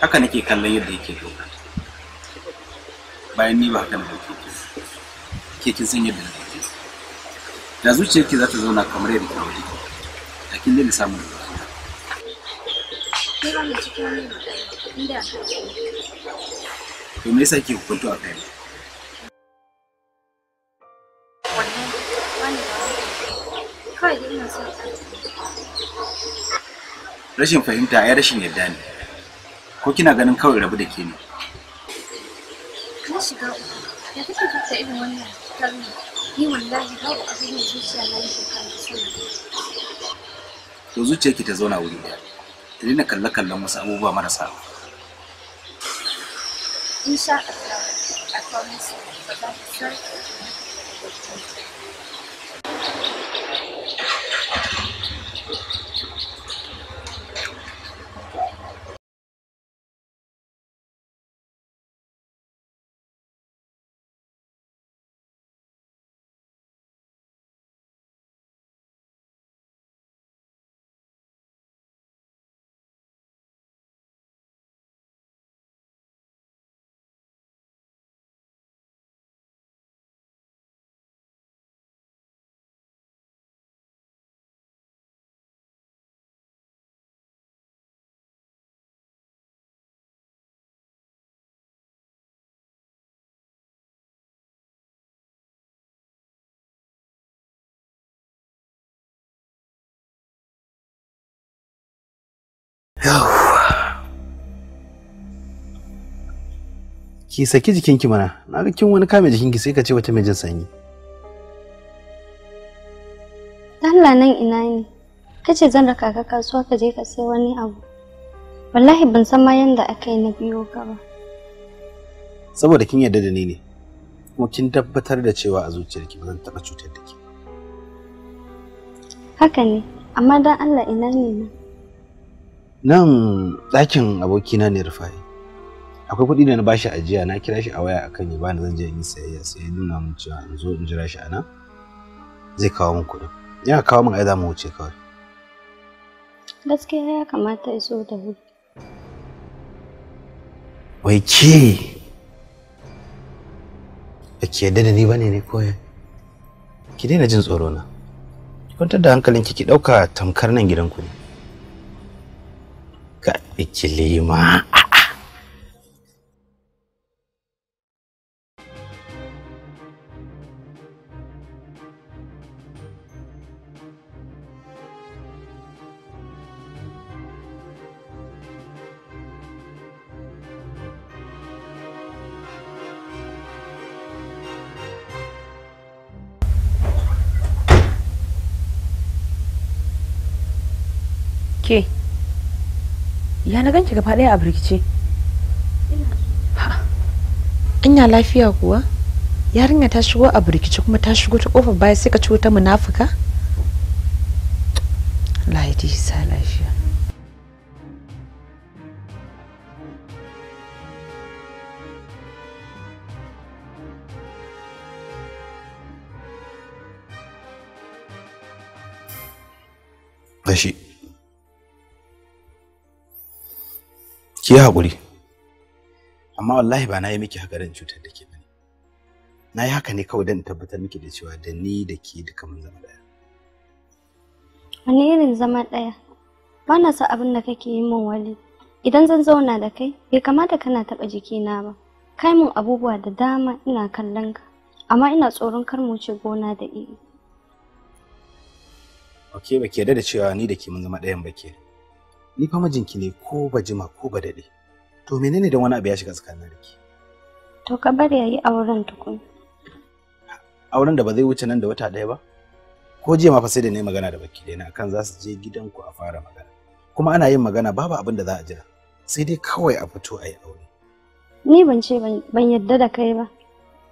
haka nake kallon yadda yake doka bayan ni ba haka na doke ke kin san yadda na doke da zuciyar ki za ta zauna kamar yadda ke wajen da kin dai samun wani to me yasa ke hukunto a kai rashin fahimta ya rashin yarda ne ko kina ganin kawai rabu da ke ne na zuciya na ta zauna wuri ɗaya ta daina kalle kallon wasu abubuwa marasa insha Allah a promise ta ki saki jikinki mana na ga kin wani kame jikinki sai ka ce wata mai jin sanyi Allah nan ina ne kace zan raka ka kasuwa ka je ka sai wani abu wallahi ban san ma yanda aka yi na biyo ka ba saboda kin yarda da ni ne kuma kin tabbatar da cewa a zuciyarki ba zan taɓa cutar da ke haka ne amma dan Allah ina ne na nan ɗakin abokina ne rufa'i akwai kuɗi da na bashi ajiya na kira shi a waya akan ya bani zan je in sayayya sai ya nuna mun cewa in zo in jira shi a nan zai kawo min kuɗin ya kawo min ai za mu wuce kawai gaskiya ya kamata ya so da wuri wai ke ba ki yadda da ni bane ne koya ki daina jin tsoro na kwantar da hankalinki ki ɗauka tamkar nan gidanku ne dekat Ijlimak. ya na ganki gaba daya a birkice anya lafiya kuwa yarinya ta shigo a birkice kuma ta shigo ta kofar baya sai ka ci wata munafuka lahidi sa lafiya Rashi. ki hakuri. amma wallahi ba na yi miki haka cutar da ke bane na yi haka ne kawai dan tabbatar miki da cewa da ni da ke duka mun zama ɗaya wani irin zama ɗaya ba na sa abin da kake yi min wali idan zan zauna da kai bai kamata kana taɓa jikina ba kai mun abubuwa da dama ina kallon ka amma ina tsoron kar mu ce gona da iri ok ba ke da cewa ni da ke mun zama ɗayan ba ke ni fa mijinki ne ko ba jima ko ba daɗe to menene don wani abu ya shiga tsakanin riki? to ka bari yayi auren tukun auren da ba zai wuce nan da wata ɗaya ba ko jiya ma fa sai da ne magana da baki daina kan za su je gidanku a fara magana kuma ana yin magana babu abin da za a jira sai dai kawai a fito a yi aure ni ban ce ban yadda da kai ba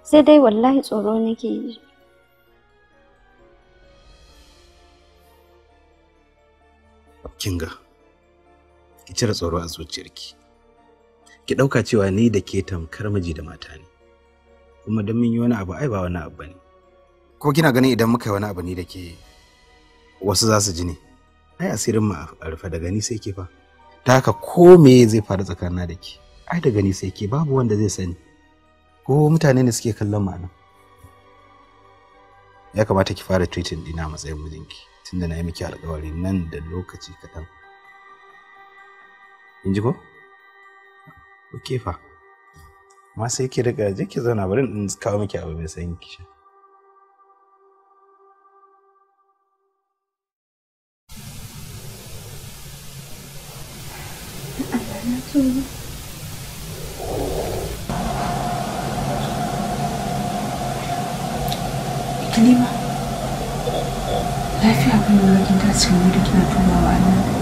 sai dai wallahi tsoro nake yi kinga ki cire tsoro a zuciyarki ki ɗauka cewa ni da ke tamkar miji da mata ne kuma don mun yi wani abu ai ba wani abu bane ko kina ganin idan muka yi wani abu ne da ke wasu za su ji ne ai asirin mu a rufe daga ni sai ke fa ta haka ko me zai faru tsakanin da ke ai daga ni sai ke babu wanda zai sani ko mutane ne suke kallon ma'ana ya kamata ki fara tweeting dina matsayin mijinki tunda na yi miki alkawari nan da lokaci kaɗan in ji ko ok fa ma sai ki riga je ki zauna bari in kawo miki abu mai sanyi ki sha Halima, lafiya kuma wajen tasirin da kina tubawa nan.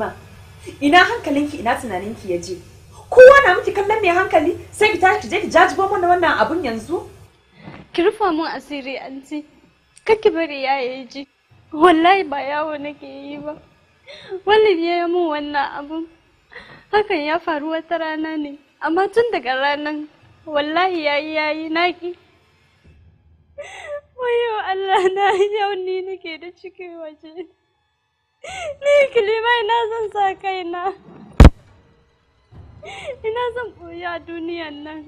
ma ina hankalinki ina tunaninki ya je kowa na miki kallon mai hankali sai ki tashi je ki jajibo mana wannan abun yanzu ki rufa mun asiri anti ki bari ya yi ji wallahi ba yawo nake yi ba wannan ya yi mun wannan abun hakan ya faru wata rana ne amma tun daga ranar wallahi yayi yayi naki wayo Allah na yau ni nake da cikin waje ni kilima ina son sa kaina ina son ɓoye a duniyan nan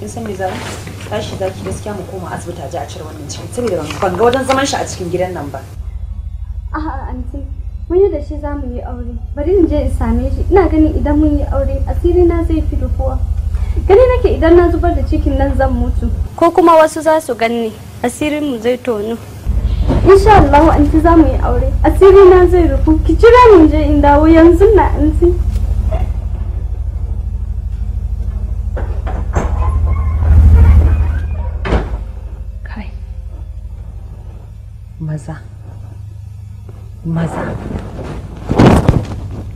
in san me za tashi za ki gaskiya mu koma asibiti a ji a cire wannan cikin saboda ban ga wajen zaman shi a cikin gidan nan ba a'a anti mun yi da shi za mu yi aure bari in je in same shi ina ganin idan mun yi aure asiri na zai fi rufuwa gani nake idan na zubar da cikin nan zan mutu ko kuma wasu za su ganni asirin mu zai tonu insha Allah ci za mu yi aure asiri na zai rufu ki jira mu je in dawo yanzu na anti kai maza maza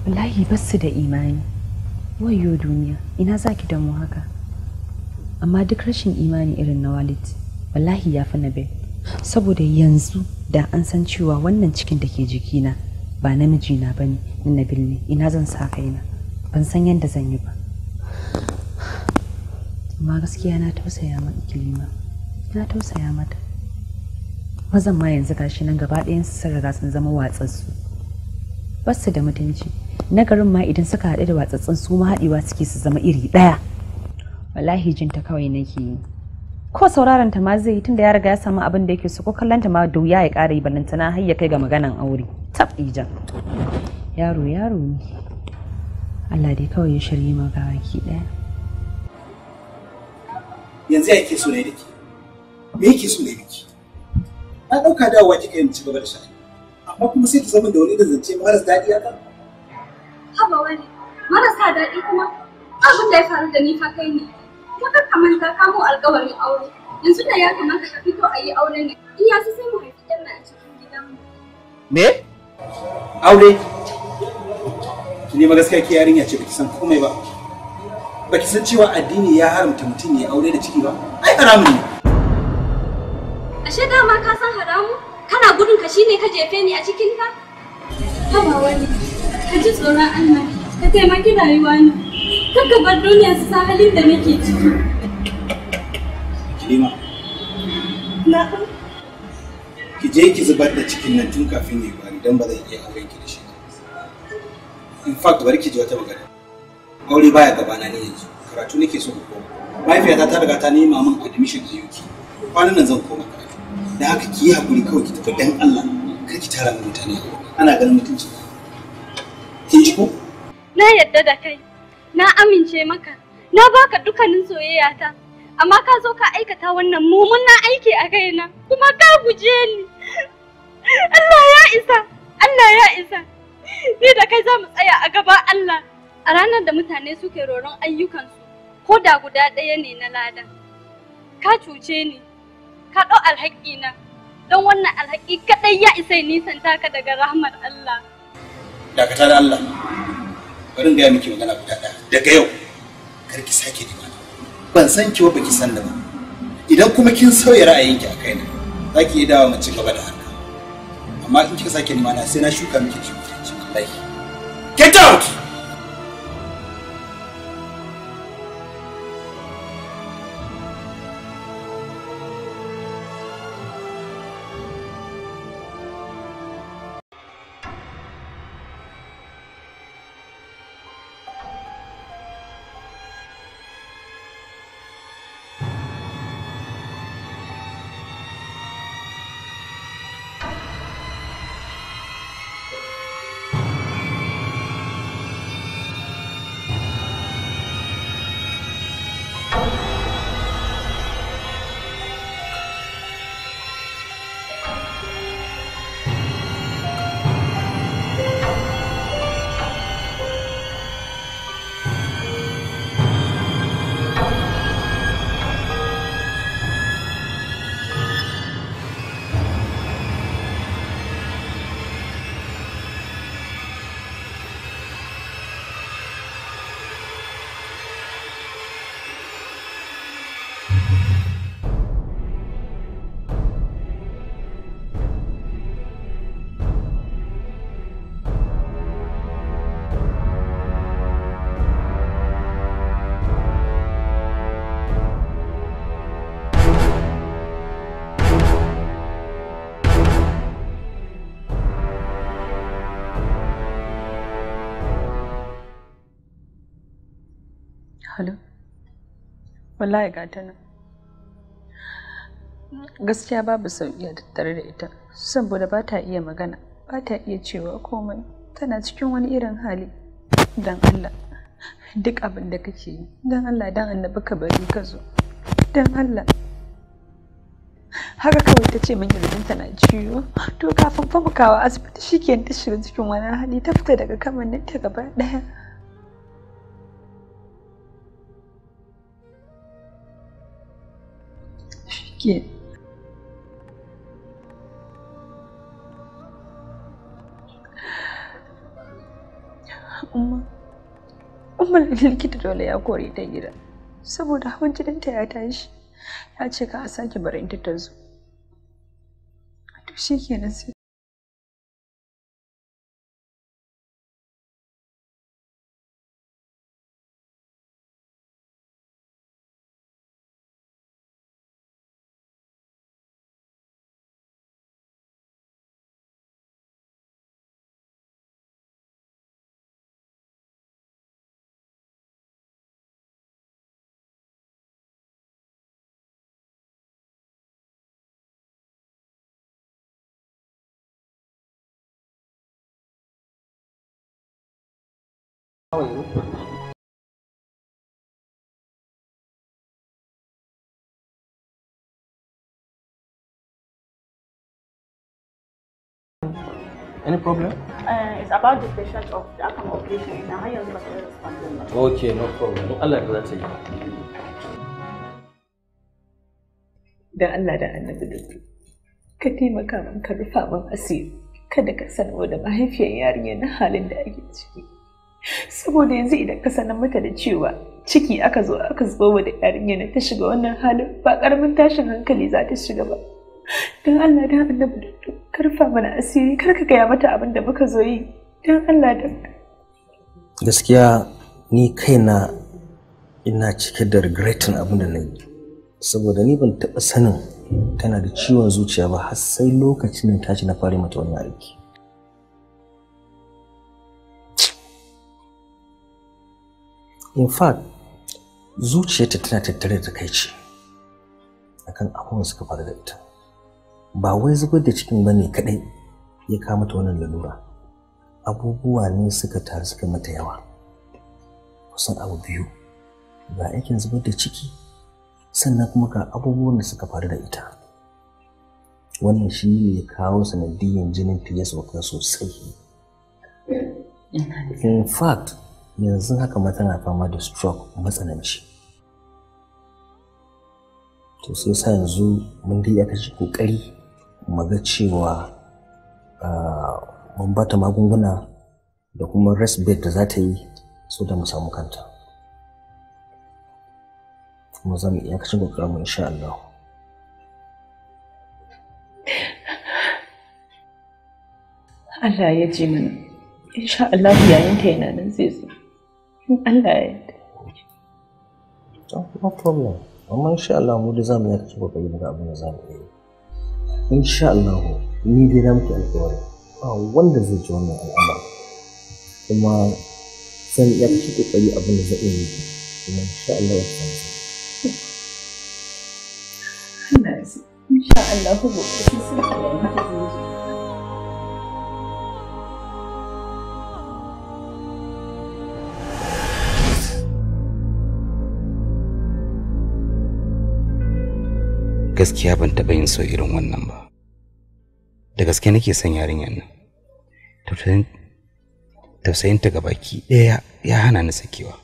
wallahi su da imani wayo duniya ina zaki da mu haka amma duk rashin imani irin na walid wallahi ya fi na saboda yanzu da an san cewa wannan cikin da ke jikina ba namijina ba ne na nabil ne ina zan sa kaina ban san yadda zan yi ba amma gaskiya na tausaya ma ikilima na tausaya mata mazan ma yanzu gashi nan gaba ɗayan su riga sun zama watsatsu basu da mutunci na garin ma idan suka haɗu da watsatsun su ma haɗewa suke su zama iri ɗaya wallahi jinta kawai nake yi ko sauraron ta ma zai yi tunda ya riga ya samu abin da yake so ko kallon ta ma da wuya ya ƙara yi balantana har ya kai ga maganan aure tab ijan yaro yaro ne Allah dai kawai ya shirye ga baki ɗaya yanzu yake so ne dake me yake so ne dake na ɗauka dawowa kika yin ci gaba da shafi. amma kuma sai ki zama da wani da zance maras daɗi haka. haba wani marasa daɗi kuma abin da ya faru da ni fa kai ne kuma ka kamanta ka alƙawarin aure yanzu da ya kamata ka fito a yi auren ne iya su sai mu haifi ɗan a cikin gidanmu. me aure ni ma gaskiya ke yarinya ce baki san komai ba baki san cewa addini ya haramta mutum ya aure da ciki ba ai haramun ne ashe dama ka san haramu kana gudun ka shine ka jefe ni a cikin ta haba wani ka ji tsoron Allah ka taimaki rayuwa ne Kaka bar duniya su san halin da nake ciki. Kima. Na'am. Ki je ki zubar da cikin nan tun kafin ya ba don ba zai iya auren ki da shi. In fact bari ki ji wata magana. Aure baya na ne yanzu. Karatu nake so ku koma. Mahaifiyata ta riga ta nema min admission a yuki. Kwanan nan zan koma karatu. Da haka ki yi hakuri kawai ki tafi dan Allah. Kar ki tara mutane. Ana ganin mutunci. Kin ji ko? Na yarda da kai. na amince maka na baka dukkanin soyayyata amma ka zo ka aikata wannan mummunan aiki a kaina kuma ka guje ni Allah ya isa Allah ya isa ni da kai za mu tsaya a gaba Allah a ranar da mutane suke roron ayyukansu ko da guda ɗaya ne na lada ka cuce ni ka ɗau alhaƙi na don wannan alhaƙi kaɗai ya isa nisan taka daga rahmar Allah dakatar Allah bari gaya miki magana guda ɗaya daga yau kar ki sake ni ban san ki ba ki san da ba idan kuma kin sauya ra'ayinki a kaina za ki iya dawo mu ci gaba da haka amma in kika sake ni mana sai na shuka miki ci wallahi get out wallahi ga ta nan gaskiya babu sauƙi a tattare da ita saboda ba ta iya magana ba ta iya cewa komai tana cikin wani irin hali don allah duk abin da kake yi don allah don annabi ka bari ka zo don allah haka kawai ta ce min kirjin tana ciwo to kafin fafukawa asibiti shikenan ta shiga cikin wani hali ta fita daga kamannin ta gaba ɗaya quê? Uma... likita dole ya kore ta gida saboda hawan jininta ya tashi ya ce ka a sake barinta ta To shi kenan sai yanzu Any problem? Uh, it's about the patient of the outcome of patient in a higher response. Okay, no problem. Allah ya you. Da Allah da annabi da ka taimaka min ka rufa min asiri kada ka sanarwa da mahaifiyar yarinya na halin da ake ciki. saboda yanzu idan ka sanar mata da cewa ciki aka zo aka da yarinya na ta shiga wannan halin ba karamin tashin hankali za ta shiga ba don Allah don annabi da karfa mana asiri kar ka gaya mata abin da muka zo yi don Allah da gaskiya ni kaina ina cike da regretin abin da na yi saboda ni ban taɓa sanin tana da ciwon zuciya ba har sai lokacin da tashi na fara mata wani aiki in fact zuciyarta tana tattare da takaici akan abubuwan suka faru da ita ba wai zubar da cikin bane kadai ya kama ta wannan lalura abubuwa ne suka taru suka mata yawa kusan abu biyu ga aikin zubar da ciki sannan kuma ga abubuwan da suka faru da ita wannan shi ne kawo sanadiyyar jinin fiye sauka sosai in fact yanzu haka ma tana fama da stroke matsananci to sai sa yanzu mun dai kashi kokari mu ga cewa ah, mun bata magunguna da kuma rest bed da za ta yi so da mu samu kanta kuma za mu iyakacin mu insha Allah Allah ya ji mana insha Allah yayin ta yana nan zai zo in Allah ya yarda amma insha Allah mu da zamu yaki ba kai daga abin da zamu yi insha Allah ni dai na miki alƙawari ba wanda zai ji wannan al'amari kuma san ya fi kokari abin da zai yi kuma insha Allah ya san Allah ya insha Allah gobe sai gaskiya ban taɓa yin so irin wannan ba da gaske nake son yarinyar nan tausayinta ga baki ɗaya ya hana ni sakewa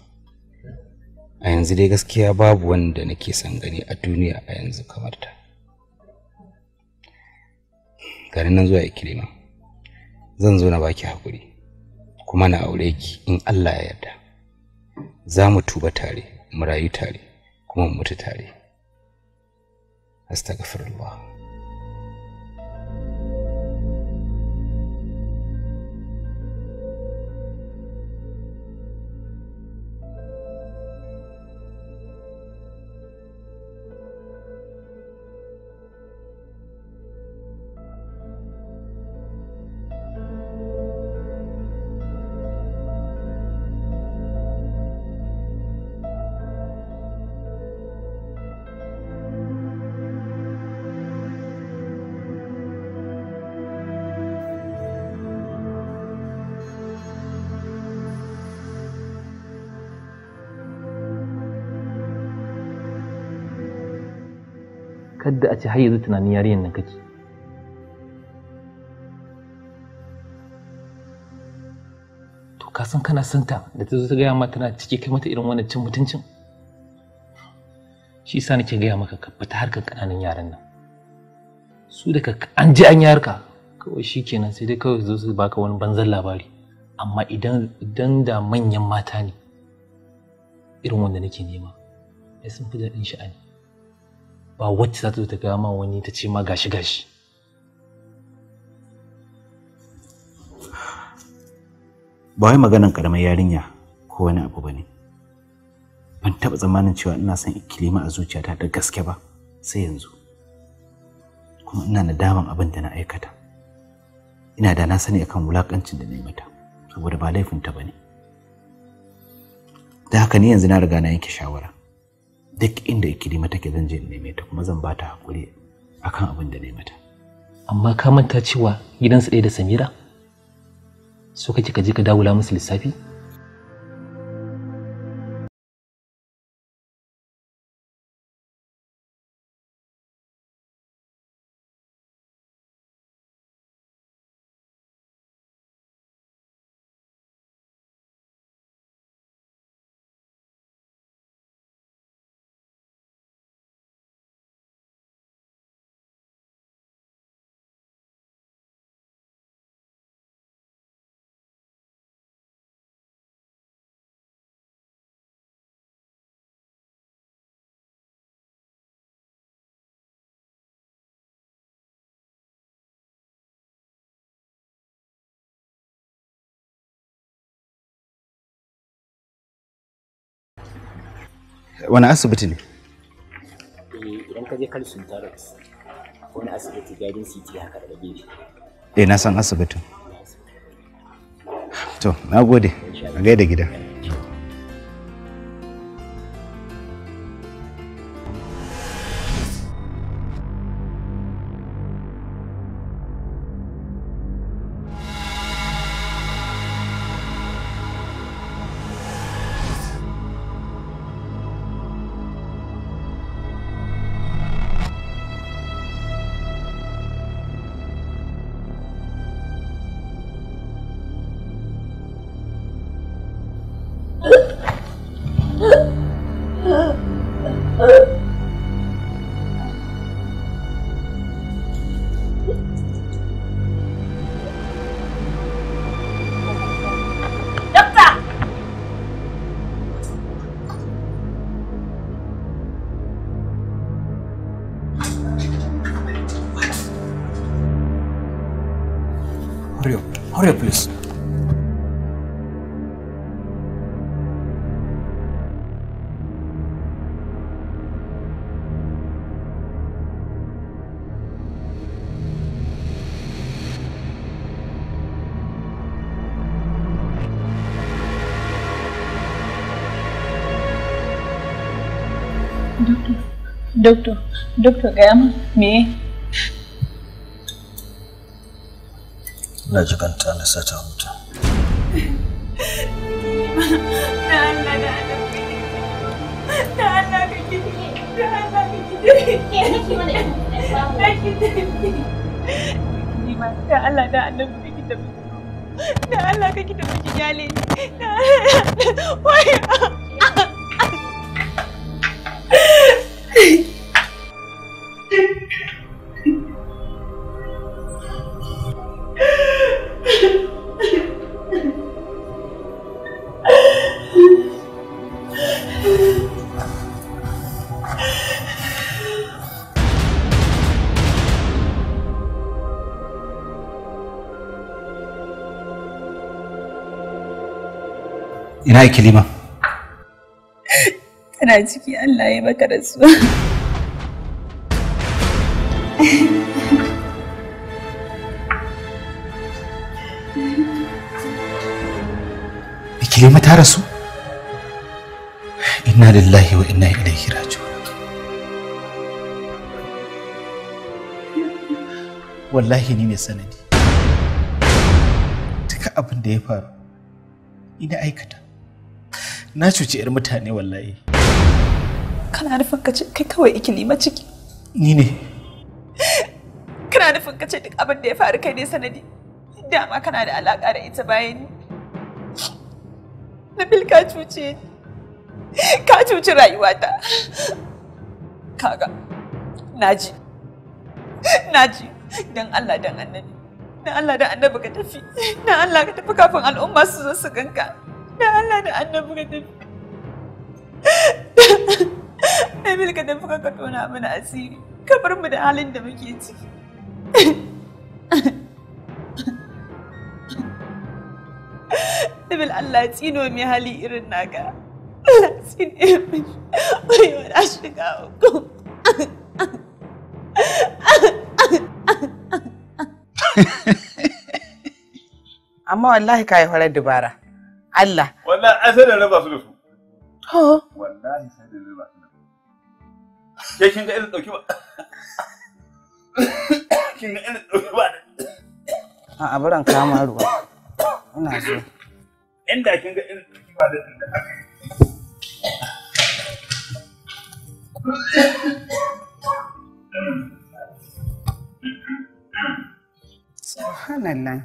a yanzu dai gaskiya babu wanda nake son gani a duniya a yanzu kamar ta garin nan zuwa ikilima zan zo na baki hakuri kuma na aure ki in Allah ya yarda za mu tuba tare mu rayu tare kuma mu mutu tare أستغفر الله kamata a ce har yanzu tunanin yarinyar nan kake to ka san kana ta da ta zo ta gaya ma tana cike kai mata irin wannan cin mutuncin shi sa nake gaya maka ka fita harkar kananan yaran nan su da an ji an yarka kawai shi kenan sai dai kawai zo su baka wani banzan labari amma idan idan da manyan mata ne irin wanda nake nema ya sun fi daɗin sha'ani ba wacce za ta zo ta gaya ma wani ta ce ma gashi gashi ba wai maganan karamar yarinya ko wani abu ba ne ban taɓa tsammanin cewa ina son ikilima a zuciyata da gaske ba sai yanzu kuma ina nadaman abin da na aikata ina da na sani akan wulakancin da na yi mata saboda ba laifinta ba ne da haka ni yanzu na riga na yanke shawara duk inda ikirima take zan je neme ta kuma zan bata hakuri akan abin da na mata amma ka manta cewa gidansu ɗaya da samira so kake ka je ka dawula musu lissafi wani asibiti ne eh, idan ka je kalsun tarot wani asibiti gadin city haka da gefe eh na san asibitin to na gode a gaida gida Doctor, doctor gaya me. Na Ina jikanta na sata Na Allah na Allah. Na Allah ka kidi. Na Allah Ke mana da kidi. Da Allah da Allah ka kidi. Da Allah Na Allah ki Da Allah. Wai. إنهي كلمة أنا عندك يا الله يا بكر اسمع كلمة تارسو إنا لله وإنا إليه راجعون wallahi ni ne sanadi duka abin da ya faru ina aikata na cuci 'yar mutane wallahi kana nufin ka ce kai kawai ikilima ciki ni ne kana nufin ka ce duk abin da ya faru kai ne sanadi dama kana da alaƙa da ita bayan ni Nabil ka cuce ka cuci rayuwata kaga naji naji dan Allah dan annabi dan Allah dan annabi ka tafi dan Allah ka tafi kafin al'umma su zo su ganka dan Allah dan annabi ka tafi Emil ka tafi ka tona mana asiri ka bar mu da halin da muke ciki Emil Allah tsino mai hali irin naka Allah tsino mai wani shiga uku Amma wallahi ka yi horar dubara. Allah. Wallahi an sai da raba su da su. ho Wallahi sai da raba su da su. Ke kin ga irin dauki ba. Kin ga irin dauki ba. a baran kama ruwa. Ina so. Inda kin ga irin dauki ba da tunda subhanallah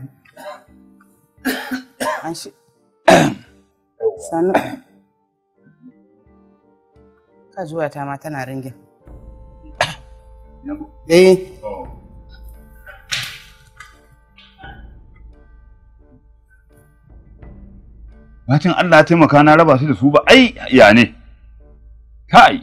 ma tana ringin eh? Allah ya taimaka na raba su da su ba ai ya ne kai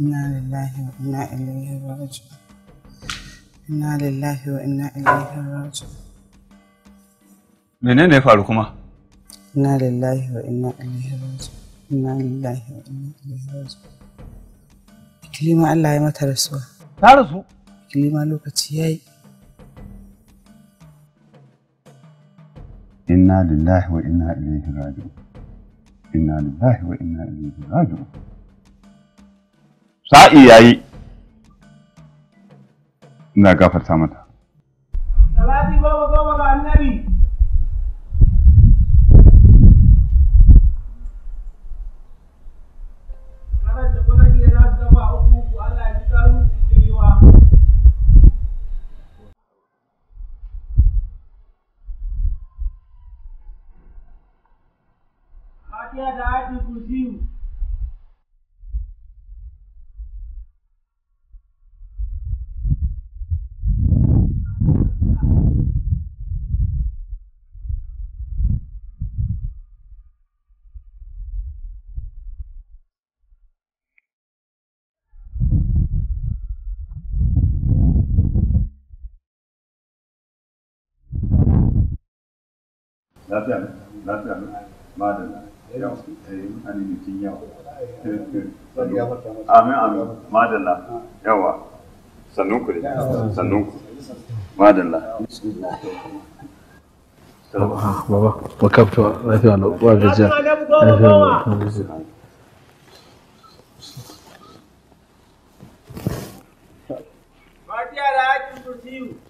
inna lillahi wa inna menene ya faru kuma inna lillahi wa inna ilaihi raji. inna lillahi wa inna ilaihi raji. Allah ya mata rasuwa ta rasu lokaci yayi inna lillahi wa inna ilaihi raji. inna lillahi wa inna ilaihi raji. sa'i yayi ina gafarta mata lafiya lafiya madalla yau eh mutane ne kin amin amin madalla yawa sannun ku ne sannun ku madalla baba makabta lafiya na uwa gajiya lafiya na uwa gajiya Fatiha da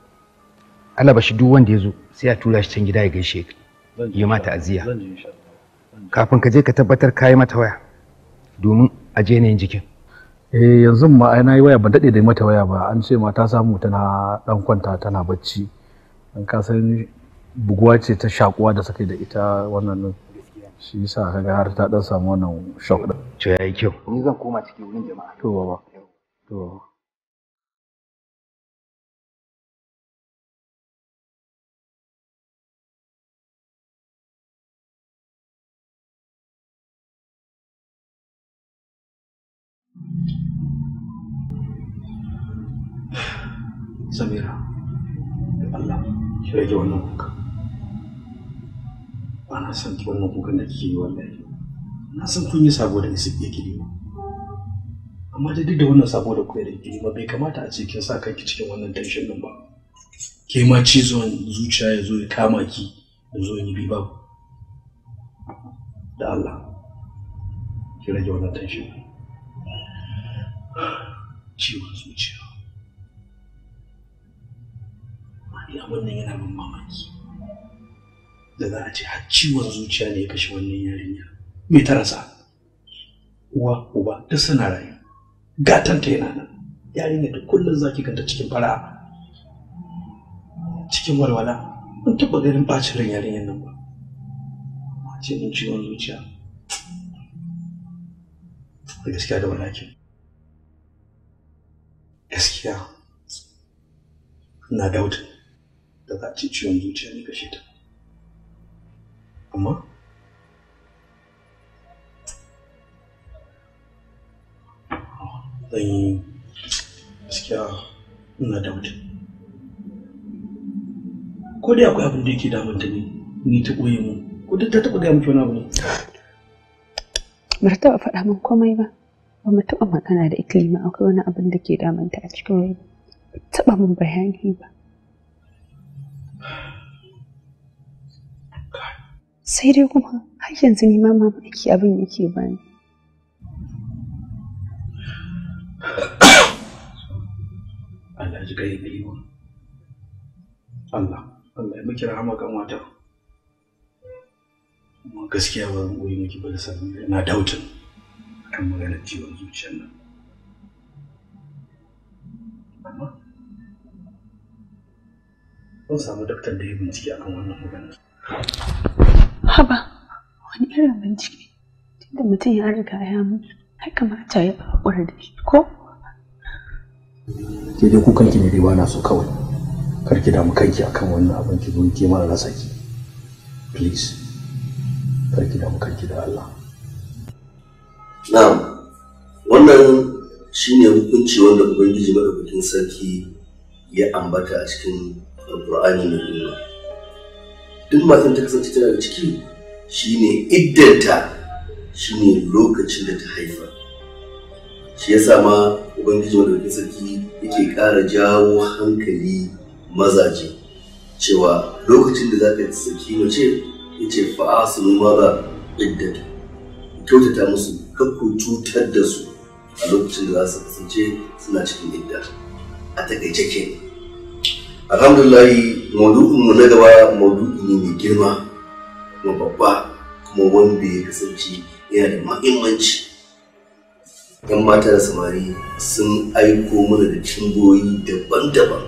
alaba shi duk wanda ya zo sai ya tura shi can gida ya gaishe ka yi mata aziya kafin ka je ka tabbatar ka yi mata waya domin a je yin jikin eh yanzu ma ai na yi waya ban daɗe da mata waya ba an ce ma ta samu tana dan kwanta tana bacci an ka san buguwa ce ta shakuwa da sakai da ita wannan shi yasa kaga har ta dan samu wannan shock din to yayi kyau ni zan koma cikin wurin jama'a to baba to samira da allah ki rage wannan kuka ba na san ki wannan kukan da kike yi wallahi na san kun yi sabo da isi ya kilima amma da duk da wannan sabo da kuka da kilima bai kamata a ce kin sa kanki cikin wannan tension din ba ke ma cizon zuciya ya zo ya kama ki ya zo yi bi babu da allah ki rage wannan tension ciwon zuciya ni yana min mamaki da za a ce har ciwon zuciya ne ya kashe wannan yarinya me ta rasa uwa uba duk suna rayu gatanta yana nan yarinya da kullum zaki ganta cikin fara cikin walwala in taɓa ganin bacin ran yarinyar nan ba a ce min ciwon zuciya da gaskiya da walakin gaskiya na dauta. da za a ce ciwon zuciya ne kashe ta amma zan yi gaskiya ina da wuta ko dai akwai abin da yake damunta ne ni ta ɓoye mu ko duk ta taɓa gaya miki wani abu ne ba taɓa faɗa min komai ba ba mu taɓa magana da ikilima akwai wani abin da ke damunta a cikin rai taɓa min bayani ba sai dai kuma har yanzu ni ma mamaki abin yake bani Allah ji kai ne Allah Allah ya miki rahama kan wata kuma gaskiya ba zan goyi miki ba da sanin ina dautin kan maganar ciwon zuciyar nan amma kun samu daktar da ya bincike akan wannan maganar haba wani irin bincike tunda mutum ya riga ya mutu har kamata ya haƙura da shi ko ke dai kukan ki ne dai ba na so kawai kar ki damu kanki akan wannan abin ki zo ki mara rasa ki please kar ki damu kanki da Allah na'am wannan shine hukunci wanda ubangiji madaukakin sarki ya ambata a cikin alkur'ani mai girma duk matsayin ta kasance tana da ciki shine iddanta shine lokacin da ta haifa shi yasa ma ubangiji wanda sarki yake ƙara jawo hankali mazaje cewa lokacin da za ka yi saki mace ya ce fa'asu maza iddata kyautata musu kakku cutar da su a lokacin da za su kasance suna cikin idda a takaice kenan alhamdulillahi maudu'inmu na gaba maudu'i ne mai girma kuma babba kuma wanda ya kasance yana da mahimmanci yan mata da samari sun aiko mana da cimboyi daban-daban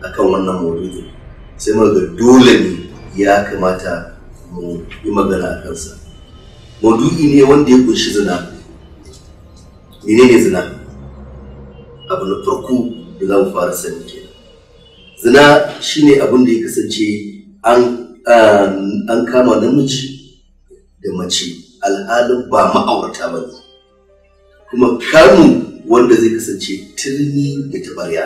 akan wannan maudu'in sai ga dole ne ya kamata mu yi magana a kansa maudu'i ne wanda ya kunshi zina menene zina abu na farko da za mu fara sani zina shine abin da ya kasance an kama namiji da mace alhalin ba ma'aurata ba ne kuma kanu wanda zai kasance turmi da tabarya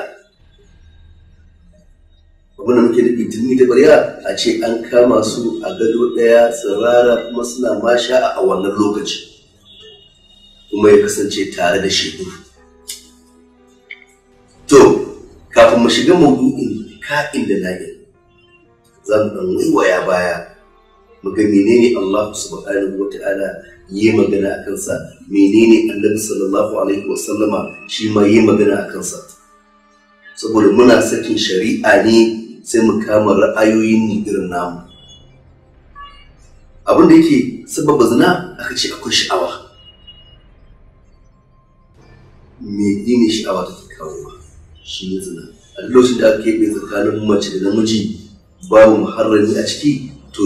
abin da muke nufi turmi da tabarya a ce an kama su a gado ɗaya tsirara kuma suna masha a wannan lokaci kuma ya kasance tare da shekaru to kafin mu shiga maudu'in ka'in da na'in za mu ɗan waiwaya baya mu ga menene Allah subhanahu wata'ala yi magana a kansa menene Allah sallallahu alaihi wa sallama shi ma yi magana a kansa saboda muna sakin shari'a ne sai mu kama ra'ayoyin ni namu abin da yake sababa zina aka ce akwai sha'awa menene sha'awa take kawo shi ne zina lokacin da aka keɓe tsakanin mace da namiji babu muharrami a ciki to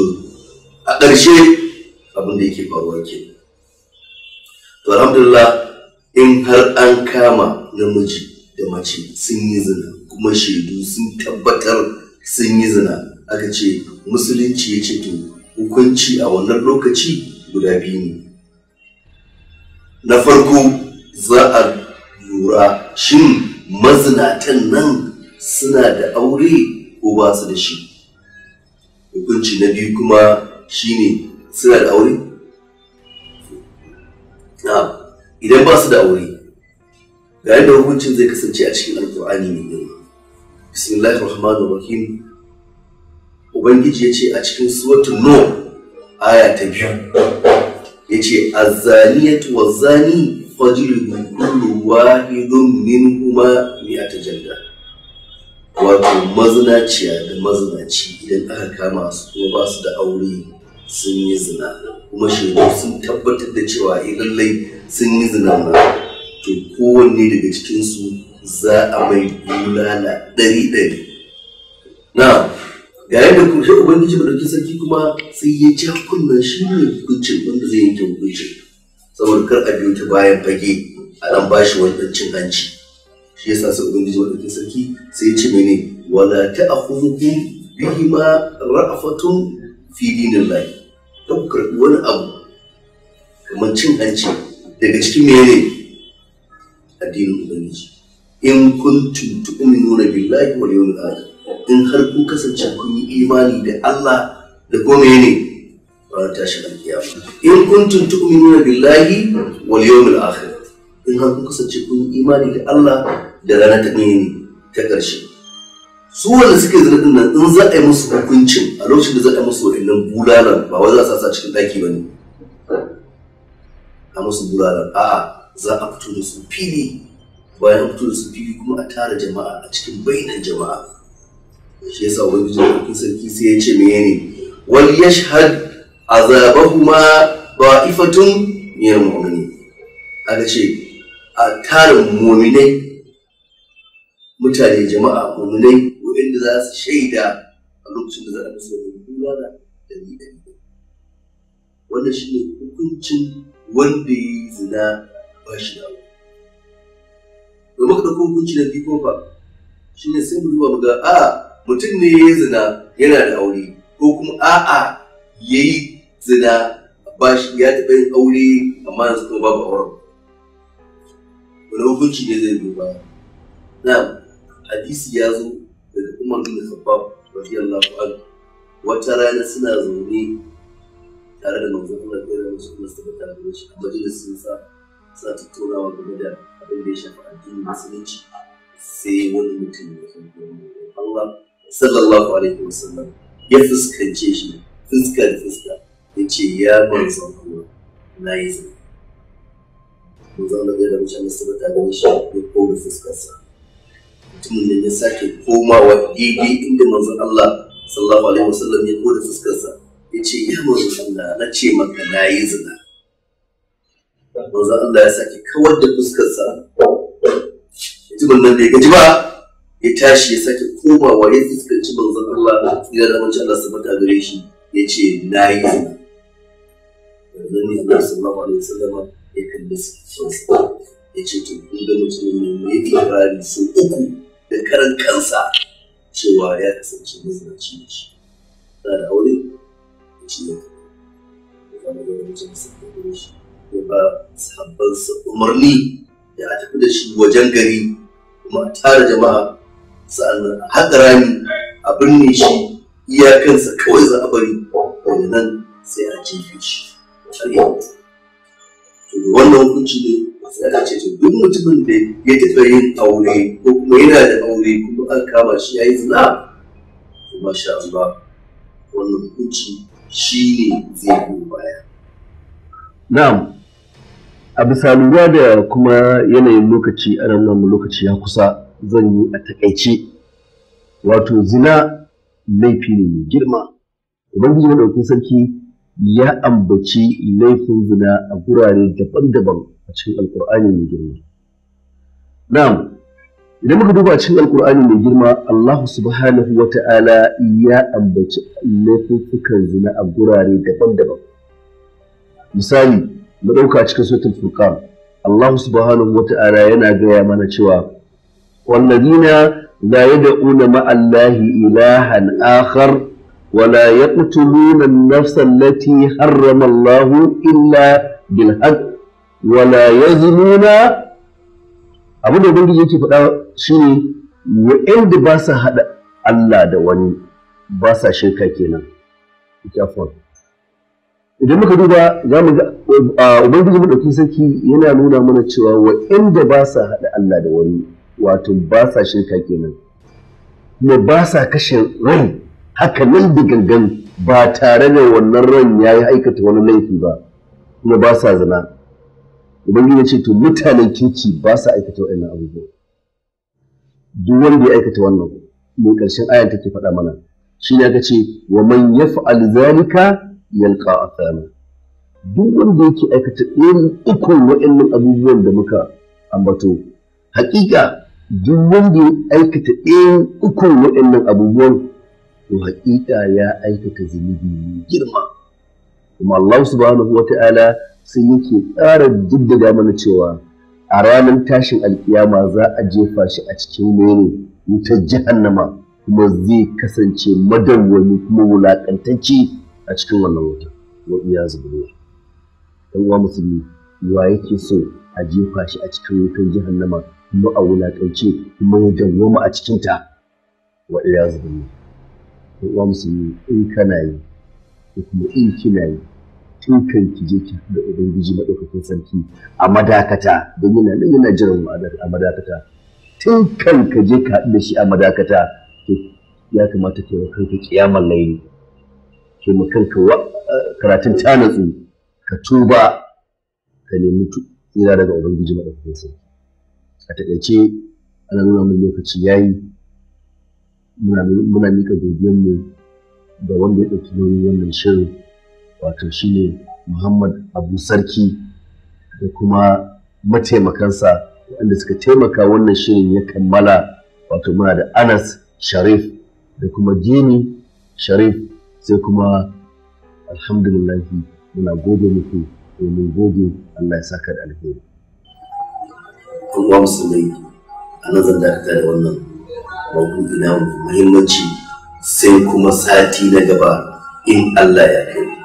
a ƙarshe abin da yake faruwa ke to alhamdulillah in har an kama namiji da mace sun yi zina kuma shaidu sun tabbatar sun yi zina aka ce musulunci ya ce to hukunci a wannan lokaci guda biyu ne na farko za a lura shin mazinatan nan suna da aure ko ba su da shi hukunci na biyu kuma shine suna da aure idan ba su da aure ga yadda hukuncin zai kasance a cikin alkur'ani mai girma bismillahir rahmanir rahim ubangiji ya ce a cikin suwatu no aya ta biyu ya ce azzaniyatu wazzani fajilu kullu wahidun minhuma mi'ata jannah wato mazinaciya da mazinaci idan aka kama su kuma ba su da aure sun yi zina kuma shaidu sun tabbatar da cewa eh, lallai sun yi zina na to kowanne daga cikinsu za a mai bulala ɗari ɗari na ga yadda kuma shi ubangiji madaukin sarki kuma sai ya ja kunnen shi ne hukuncin wanda zai yanke hukuncin saboda kar a biyu ta bayan fage a ɗan shi wani cin hanci shi yasa sai ubangiji wadda sarki sai ya ce mene wala ta'khudhukum bihima ra'fatun fi dinillahi don karɓi wani abu kamar cin hanci daga cikin mene addinin ubangiji in kuntum tu'minuna billahi wal yawmil akhir in har kun kasance kun yi imani da Allah da kuma mene ranar tashin alkiyama in kuntum tu'minuna billahi wal yawmil akhir in har kun kasance kun yi imani da Allah Daga na ta ɗaya ne ta ƙarshe su wanda suke zina ɗin nan in za a yi musu hukuncin a lokacin da za a yi musu wa'annan bulalan ba wai za a sa cikin ɗaki ba ne a musu bulalan a'a za a fito da su fili bayan fito da su fili kuma a tara jama'a a cikin bainan jama'a shi yasa wani jami'in sarki sai ya ce me menene wal yashhad azabahuma ba'ifatun min al-mu'minin aka ce a tara mu'minai mutane jama'a ko inda za su shaida a lokacin da za a musu duba da dari dari wannan shi ne hukuncin wanda ya yi zina ba shi da abu da muka ɗauko hukunci na biyu kuma shi ne sai mu duba mu ga a mutum ne ya yi zina yana da aure ko kuma a'a ya yi zina ba shi ya taɓa yin aure amma yanzu kuma babu auren wani hukunci ne zai biyo ba? na'am hadisi ya zo daga umar bin khattab radiyallahu anhu wata rana suna zaune tare da manzon Allah da ya musu kuma suka tare da shi a majalisin sa tattauna wa game da abin da ya shafi addinin musulunci sai wani mutum ya zo Allah sallallahu alaihi wasallam ya fuskance shi fuska da fuska ya ce ya manzon Allah na yi zai manzon Allah da ya su kuma suka tare da shi ya kowace fuskarsa mutum nan ya sake komawa daidai inda manzon Allah sallallahu alaihi wasallam ya kore fuskarsa ya ce ya manzon Allah na ce maka na yi zina manzon Allah ya sake kawar da fuskarsa mutumin nan bai gaji ba ya tashi ya sake komawa ya fuskanci manzon Allah ya da mace Allah sabata gare shi ya ce na yi zina manzon Allah sallallahu alaihi wasallam ya kalli sa ya ce to kun ga mutumin ne ya fara su uku da karan kansa cewa ya kasance mazinaci da shi na da aure da shi ya kama da wajen sabbin shi ya ba sabbin umarni da a tafi da shi wajen gari kuma a tara jama'a sa'annan a haɗa rami a binne shi iyakansa kawai za a bari daga nan sai a jefe shi wannan hukunci ne tsaye da ce duk mutumin da ya taɓa yin aure ko kuma yana da aure kuma an kama shi ya yi zina to masha Allah wannan hukunci shi ne zai biyo baya na'am a bisa lura da kuma yanayin lokaci a nan lokaci ya kusa zan yi a takaice wato zina laifi ne mai girma ubangiji madaukin sarki ya ambaci laifin zina a gurare daban-daban a cikin alkur'ani mai girma na'am idan muka duba cikin alkur'ani mai girma Allah subhanahu wa ta'ala ya ambaci laifukan zina a gurare daban-daban misali mu ɗauka cikin suratul furqan Allah subhanahu wa ta'ala yana gaya mana cewa wallazina la yad'una ma'a Allahi ilahan akhar ولا يقتلون النفس التي حرم الله إلا بالحق ولا يزنون Abin da ubangiji yake faɗa shine wa'anda ba sa haɗa Allah da wani ba sa shirka kenan kyafon idan muka duba za mu ga ubangiji madaukin sarki yana nuna mana cewa wa'anda ba sa haɗa Allah da wani wato ba sa shirka kenan kuma ba sa kashe rai haka nan da gangan ba tare da wannan ran ya yi aikata wani laifi ba kuma ba sa zina ubangiji ce to mutanen kirki ba sa aikata wa'annan abubuwa duk wanda ya aikata wannan mai ƙarshen ayan take faɗa mana shi ne aka ce wa man ya yaf'al zalika yalqa athama duk wanda yake aikata irin ukun wa'annan abubuwan da muka ambato haƙiƙa duk wanda ya aikata irin ukun wa'annan abubuwan to haƙiƙa ya aikata zunubi girma kuma Allah subhanahu ta'ala sai yake ƙara da mana cewa a ranar tashin alƙiyama za a jefa shi a cikin nono wuta jahannama kuma zai kasance madawwami kuma wulaƙantacce a cikin wannan wuta wa iya zubiya ɗan uwa musulmi wa yake so a jefa shi a cikin wutar jahannama kuma a wulaƙance kuma ya dawwama a cikin ta wa iya zubiya ɗan uwa musulmi in kana yi ko kuma in kina yi kan ki je ki da ubangiji madaukakin sarki a madakata yana nan yana jiran mu a madakata kan ka je ka da shi a madakata to ya kamata ka yi kanka kiyamar laili ke mu kanka eh, karatun ta natsu ka tuba ka nemi tsira daga ubangiji madaukakin sarki a taƙaice ana nuna mun lokaci yayi muna mika godiyar mu da wanda ya ɗauki nauyin wannan shirin wato shine Muhammad Abu Sarki da kuma mataimakansa wanda suka taimaka wannan shirin ya kammala wato muna da Anas Sharif da kuma Jini Sharif sai kuma alhamdulillah muna gobe muku domin gobe Allah ya saka da alheri. a da wannan muhimmanci sai kuma sati na gaba in Allah ya kai.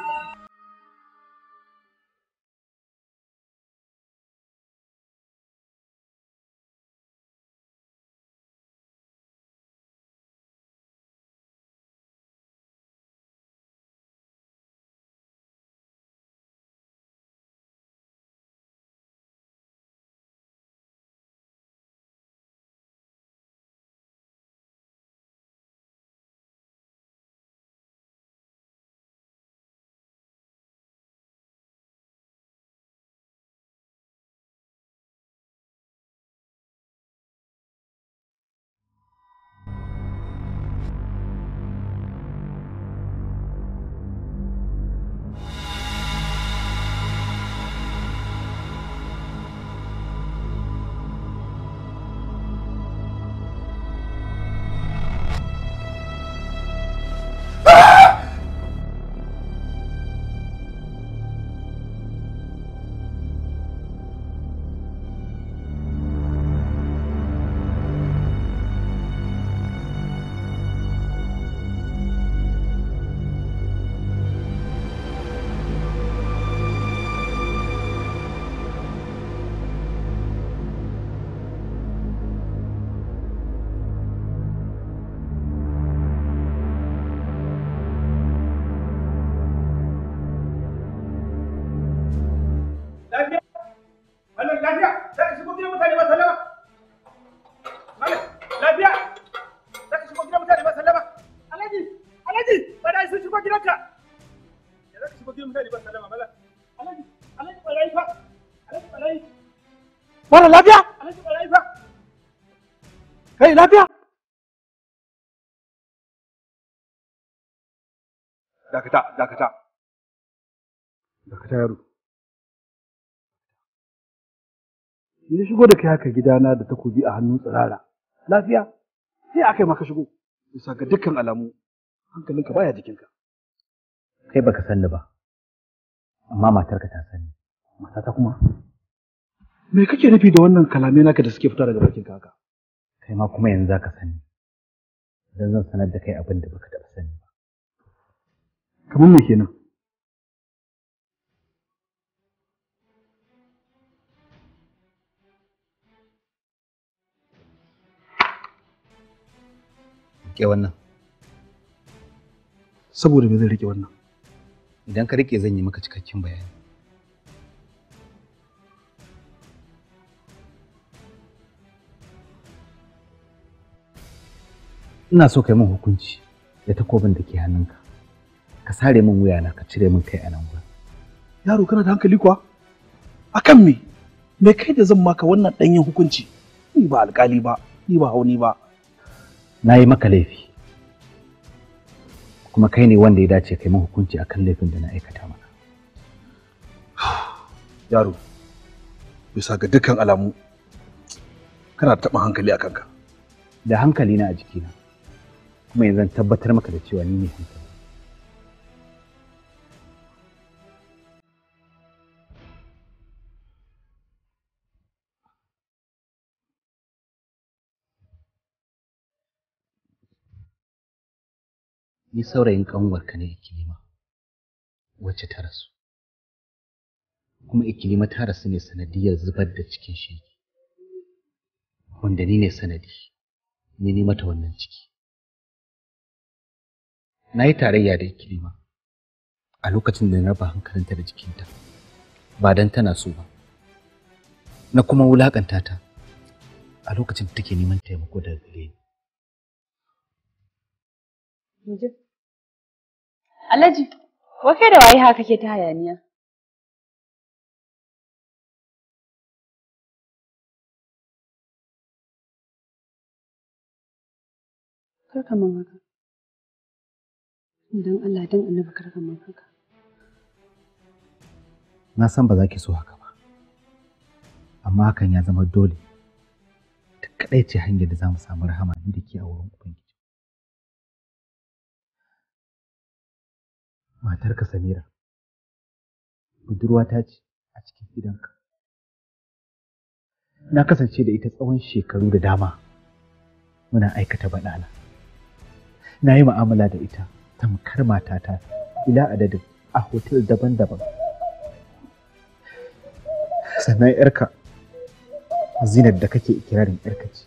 Mara lafiya? Kai lafiya? Dakata, dakata. Dakata yaro. Ya shigo da kai haka gidana da takobi a hannun tsirara. Lafiya? Sai aka yi maka shigo. Bisa ga dukkan alamu hankalinka baya jikinka. Kai baka sanni ba. Amma matarka ta sani. Matata kuma Me kake nufi da wannan kalamai naka da suke fita daga bakin kaka? Kai ma kuma yanzu zaka sani. Dan zan sanar da kai abin da baka taɓa sani ba. Kamar me kenan? Rike wannan. Saboda me zan rike wannan? Idan ka rike zan yi maka cikakken bayani. ina so kai min hukunci da takobin da ke hannunka ka sare min na ka cire min kai a nan gurin yaro kana da hankali kuwa akan me me kai da zan maka wannan danyen hukunci ni ba alkali ba ni ba hauni ba na yi maka laifi kuma kai ne wanda ya dace kai min hukunci akan laifin da na aikata maka yaro bisa ga dukkan alamu kana taɓa hankali a kanka da hankali na a jikina kuma yanzu tabbatar maka da cewa ni ne hankali ni saurayin ƙanwarka ne ikilima wacce ta rasu kuma ikilima ta rasu ne sanadiyar zubar da cikin shi wanda ni ne sanadi ni ne mata wannan ciki na yi tarayya da kirima a lokacin da na raba hankalinta da jikinta ba don tana so ba na kuma wulakanta ta a lokacin da take neman taimako daga gare ni. Alhaji, wa kai da waye haka kake ta hayaniya? Kar ka Don Allah don annabi kar ka mun haka. Na san ba za ki so haka ba. Amma hakan ya zama dole. Ta kaɗai ce hanyar da za mu samu rahama ni da ke a wurin Ubangiji. Matarka Samira, budurwata ce a cikin gidanka. Na kasance da ita tsawon shekaru da dama muna aikata baɗala. Na yi mu'amala da ita tamkar matata ila adadin a hotel daban-daban sannan yarka zinar da kake ikirarin yarka ce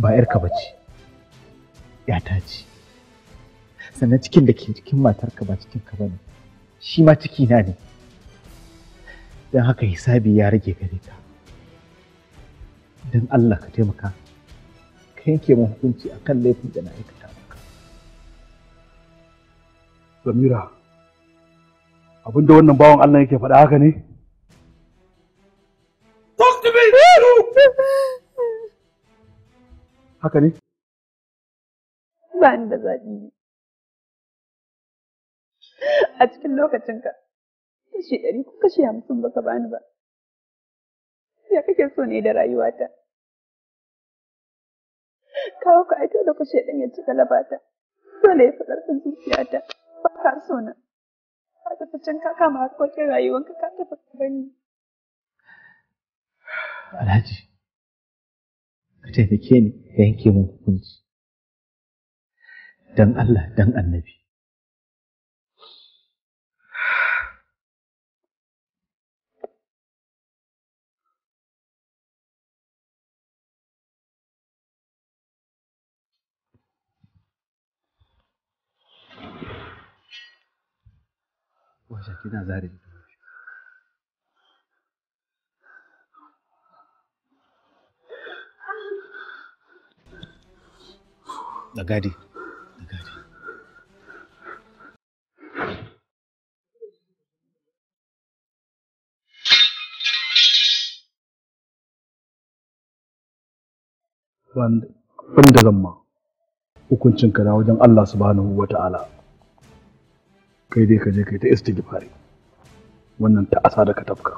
ba yarka ba ce yata ce sannan cikin da ke cikin matarka ba cikinka ba ne shi ma cikina ne don haka hisabi ya rage gare ka don allah ka taimaka ka yanke mun hukunci akan laifin da na aikata Samira, abinda wannan bawan Allah yake faɗa haka ne? Talk to me! Haka ne? Ba da zaɓi. A cikin lokacinka, kashi ɗari ko kashi hamsin baka bani ba. Ya kake so ne da rayuwata? Kawo ka aito da kashe ɗan ya ci kalabata Dole ya fi da zuciyata. baka so na ka tafi can ka kama harkokin rayuwanka ka tafi ka bani alhaji ka taimake ni ka yanke min hukunci dan Allah dan annabi wajen kina zare ido da gadi da gadi wanda zan ma hukuncinka na wajen Allah subhanahu wa ta'ala kai dai ka je kai ta istighfari wannan ta asa da ka tafka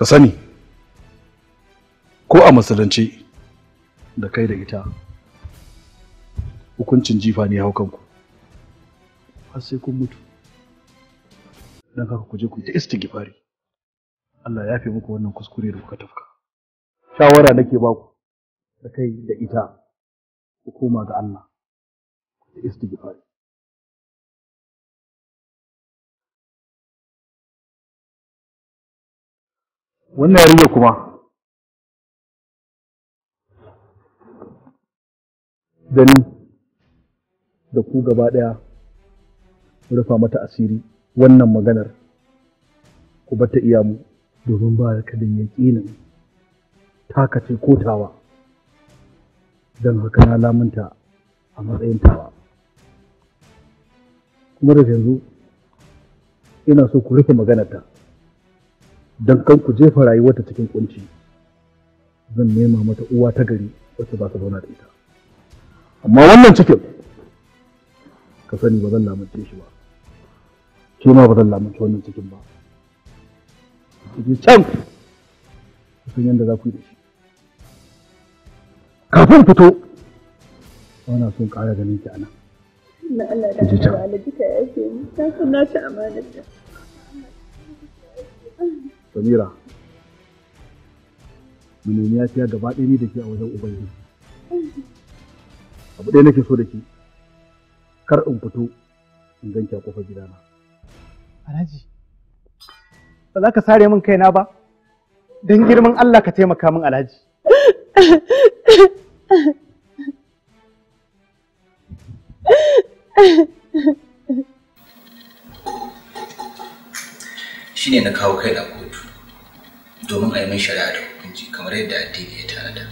ka sani ko a masalanci da kai da ita hukuncin jifa ne hau kanku har sai kun mutu don haka ku je ku ta istighfari Allah ya fi muku wannan kuskure da kuka tafka shawara nake ba ku da kai da ita ku koma ga Allah ku ta istighfari wannan yarinya kuma da ni da ku gaba ɗaya rufa mata asiri wannan maganar ku bata iya mu domin ba ka da yaƙinin taka ce ko tawa don haka na lamunta a matsayin tawa kuma da yanzu ina so ku rufe maganarta. ta don kan ku jefa rayuwarta cikin kunci zan nema mata uwa ta gari wacce ba ta zauna da ita amma wannan cikin ka sani ba zan lamunce shi ba ke ma ba zan lamunce wannan cikin ba ku je can ku san yadda za ku yi da shi kafin fito ba sun son ƙara ganin ki a nan. Na Allah da Allah da duka yake mu, na san amanar Samira, mu ya yafiya gaba ɗaya ni da ke a wajen Ubangiji. Abu ɗaya nake so da ke, kar in fito in ganke a ƙofar gidana. Alhaji, ba za ka sare min kaina ba, don girman Allah ka taimaka min Alhaji. Shi ne na kawo kai da ku. domin a yi mai shari'a da hukunci kamar yadda addini ya da.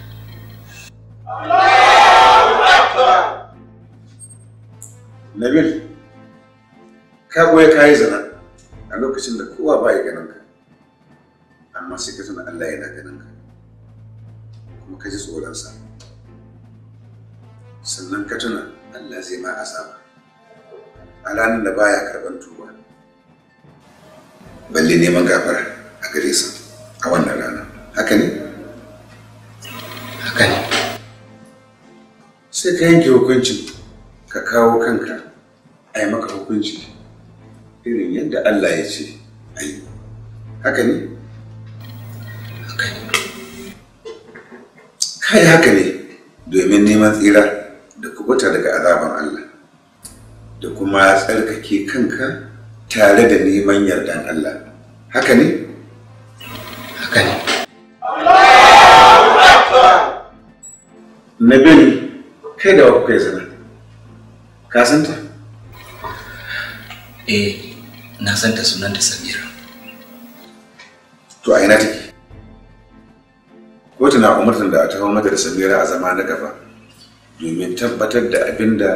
Nabil, ka goya ka yi zana a lokacin da kowa ba ya ganin ka, amma sai ka tuna Allah yana ganin ka, kuma ka ji tsoronsa. Sannan ka tuna Allah zai ma azaba a ranar da baya karɓar tuba. Balle neman gafara a gare sa. a wannan rana haka ne haka ne sai ka yanke hukuncin ka kawo kanka a yi maka hukunci irin yadda Allah ya ce a yi haka ne haka ne kai haka ne domin neman tsira da kubuta daga azaban Allah da kuma tsarkake kanka tare da neman yardan Allah haka ne? na bari kai da kuka ya zana ka san ta eh na san ta sunan da samira to a ina take kotu na umartar da a taho mata da samira a zama na gaba domin tabbatar da abin da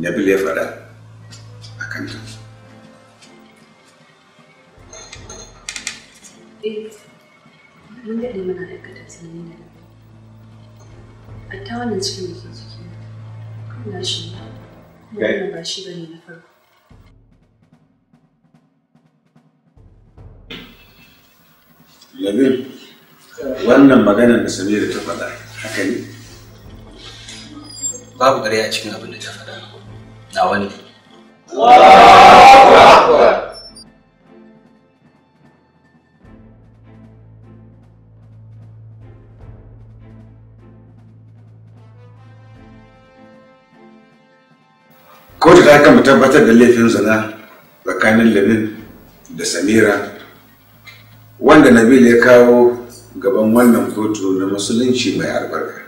nabil ya faɗa a kanta Eh, mun daɗe mana aikata sanani wannan cikin da ke jiki na shi ne wannan ba shi na farko Labir, wannan maganar da Samira ta faɗa haka ne? Babu ƙarya a cikin abin da ta faɗa. Na wani. Allahu Akbar! Ya kama mu tabbatar da laifin zina tsakanin lamin da samira wanda nabil ya kawo gaban wannan kotu na musulunci mai albarka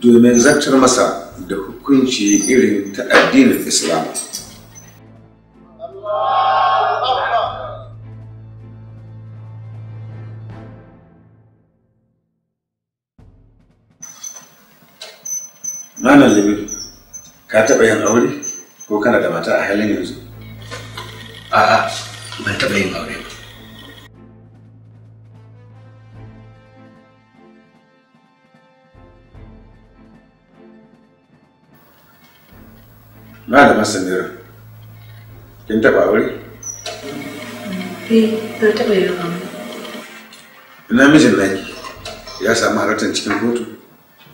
domin zartar masa da hukunci irin ta addinin islam Malam Limir, ka taɓa yin aure? ko kana da mata a halin yanzu a'a ban taɓa yin aure ba Malama Samira, kin taɓa aure? Eh, na taɓa yin aure. Ina mijin naki ya samu halartar cikin kotu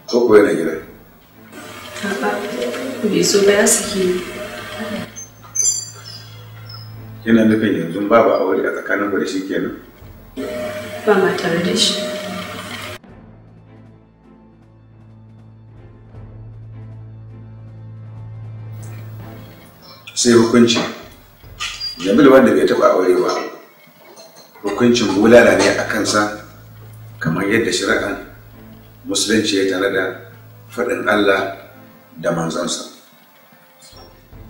ko kuwa yana gida? A'a, bai so ba ya saki yana nufin yanzu babu aure a tsakanin ku da shi kenan ba ma tare da shi sai hukunci jamil wanda bai taɓa aure ba hukuncin bulala ne a kansa kamar yadda shari'an musulunci ya tare da faɗin allah da manzansa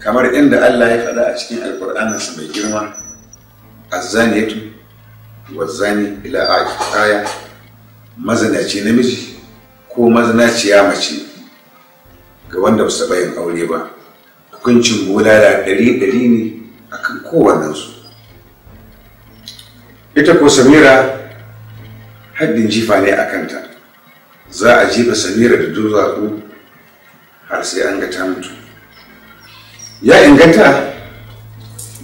kamar inda Allah ya faɗa a cikin alƙur'aninsa mai girma azzaniyatu wa zani ila a kaya mazanaci namiji ko mazanaciya mace ga wanda ba su bayan aure ba hukuncin bulala ɗari ɗari ne akan kowannensu ita ko samira haddin jifa ne a kanta za a jefa samira da duwatsu har sai an ga ta mutu ya inganta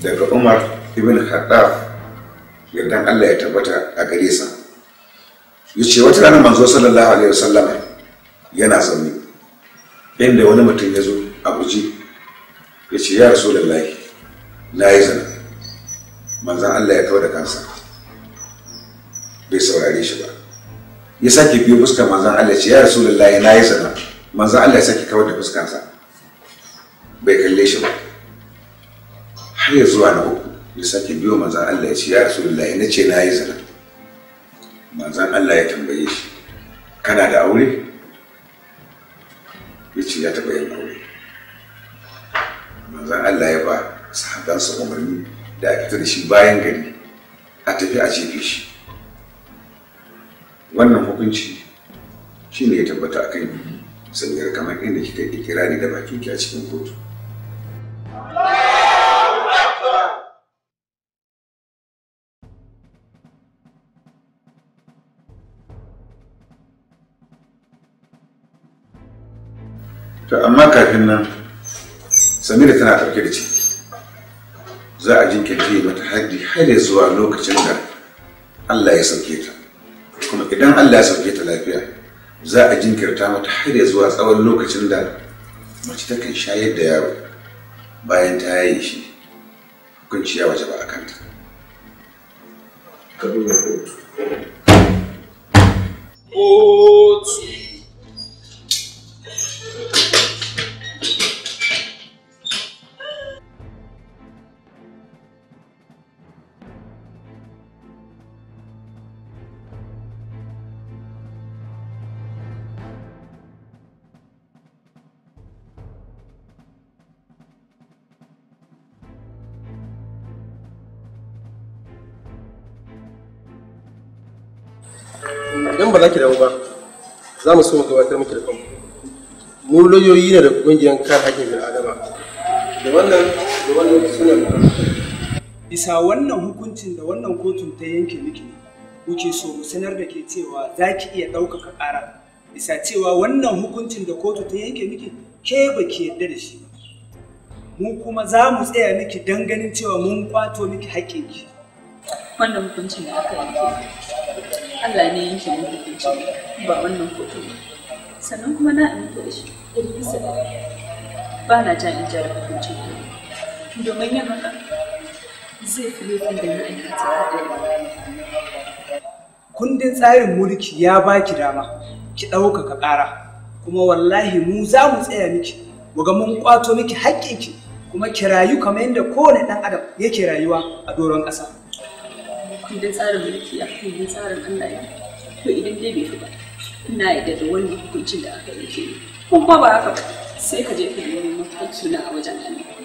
daga umar ibn khattab yardan allah ya tabbata a gare sa ya ce wata ranar manzo sallallahu alaihi wasallam yana zaune inda wani mutum ya zo a guji ya ce ya rasu lallahi na yi zana manzan allah ya kawo da kansa bai saurare shi ba ya sake biyo fuskar manzan allah ya ce ya rasu lallahi na yi zana manzan allah ya sake kawo da fuskansa bai kalle shi ba har ya zuwa na uku ya sake biyo manzan Allah ya ce ya rasu lillahi na ce na yi zina manzan Allah ya tambaye shi kana da aure ya ce ya taɓa yin aure manzan Allah ya ba sahabansa umarni da a fita da shi bayan gari a tafi a jefe shi wannan hukunci shi ne ya tabbata a kan sanyar kamar inda kika yi da bakin ki a cikin kotu to amma kafin nan samira tana ɗauke da ciki za a yi mata haddi har zuwa lokacin da allah ya sauke ta kuma idan allah ya sauke ta lafiya za a jinkirta mata har zuwa tsawon lokacin da mace ta kan shayar da yaro bayan ta yi shi hukunci ya waje ba lauyoyi ne da ƙungiyar kare haƙƙin bil'adama da wannan da wannan suna bisa wannan hukuncin da wannan kotun ta yanke miki kuke so mu sanar da ke cewa za ki iya ɗaukaka ƙara bisa cewa wannan hukuncin da kotu ta yanke miki ke ba ki yarda da shi ba mu kuma za mu tsaya miki don ganin cewa mun kwato miki haƙƙinki. Wannan hukuncin da aka yanke, Allah ne yanke mun hukuncin ba wannan kotu ba. Sannan kuma na amince da shi. Bilisa, ba na jan in hukuncin Domin yin haka zai fi laifin da na aikata haɗari. Kundin tsarin mulki ya ki dama, ki ɗaukaka ƙara, kuma wallahi mu za mu tsaya miki, mu ga mun ƙwato miki haƙƙinki kuma ki rayu kamar yadda kowane ɗan adam yake rayuwa a doron ƙasa. Kundin tsarin mulki ya kundin tsarin Allah ya, to idan dai bai fi ba, ina yadda da wannan hukuncin da aka yi ke yi. kun ba ba haka sai ka je ka nemi mataki na a wajen Allah